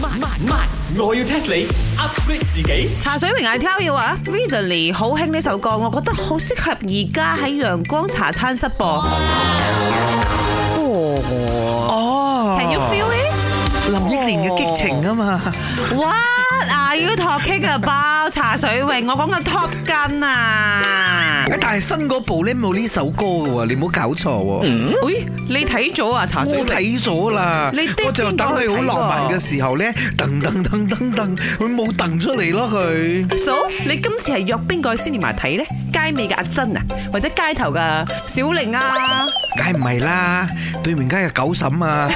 慢慢，我要 test 你 upgrade 自己。茶水名係 tell you 啊，recently 好興呢首歌，我覺得好適合而家喺陽光茶餐室播。哇！哦哦哦！Can you feel it？林憶蓮嘅激情啊嘛！哇！啊！you talking about 茶水榮，我講緊 Top Gun 啊！哎，但係新嗰部咧冇呢首歌嘅喎，你唔好搞錯喎。哎，你睇咗啊？茶水榮睇咗啦，我就等佢好浪漫嘅時候咧，噔噔噔噔噔，佢冇噔出嚟咯佢。嫂，你今次係約邊個先連埋睇咧？街尾嘅阿珍啊，或者街頭嘅小玲啊？梗係唔係啦，對面街嘅狗嬸啊！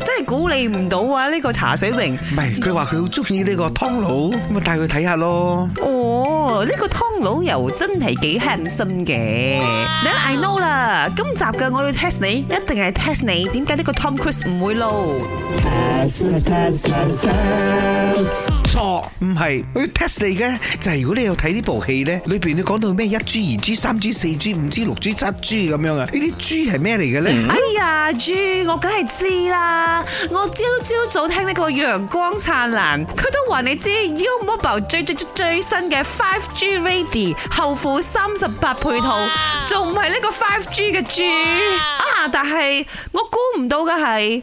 真係估你唔到啊！呢個茶水瓶，唔係佢話佢好中意呢個湯爐，咁咪帶佢睇下咯。哦，呢個湯。老油 真係幾輕鬆嘅，你 I know 啦。今集嘅我要 test 你，一定係 test 你。點解呢個 Tom Cruise 唔會撈？錯，唔係我要 test 你嘅，就係、是、如果你有睇呢部戲咧，裏邊你講到咩一 G, G, G, G, G, G, G、二 G、三 G、嗯、四 G、五 G、六 G、七 G 咁樣啊？呢啲 G 係咩嚟嘅咧？哎呀，G 我梗係知啦，我朝朝早聽呢個陽光燦爛，佢都話你知，U Mobile 最最最最新嘅 5G。後府三十八配套，仲唔係呢個 five G 嘅 G Wow. 啊？但係我估唔到嘅係。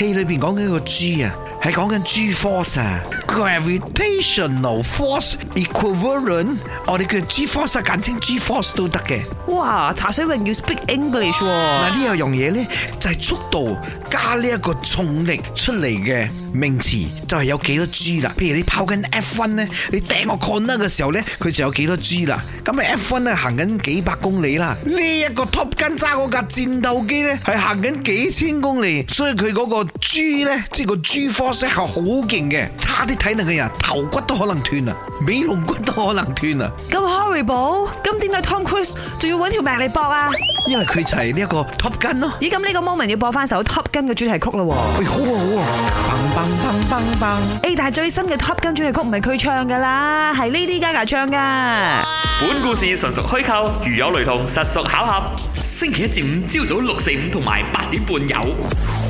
戲裏面講緊個 G 啊，係講緊 G force 啊，gravitational force equivalent，我哋叫 G force，簡稱 G force 都得嘅。哇，茶水泳要 speak English 喎。嗱，呢樣嘢咧就係速度加呢一個重力出嚟嘅名詞，就係有幾多 G 啦。譬如你拋緊 F1 咧，你掟個 cone 嘅時候咧，佢就有幾多 G 啦。咁啊，F1 啊行緊幾百公里啦，呢一個 Top Gun 揸嗰架戰鬥機咧係行緊幾千公里，所以佢嗰個。G 咧，即係個 G-force 係好勁嘅，差啲體能嘅人頭骨都可能斷啊，尾龍骨都可能斷啊。咁 horrible 咁點解 Tom Cruise 仲要揾條命嚟搏啊？因為佢就係呢一個 Top Gun 咯。咦，咁呢個 moment 要播翻首 Top Gun 嘅主題曲啦。喂、哎，好啊好啊。哎，但係最新嘅 Top Gun 主題曲唔係佢唱噶啦，係 Lady Gaga 唱噶。本故事純屬虛構，如有雷同，實屬巧合。星期一至五朝早六四五同埋八點半有。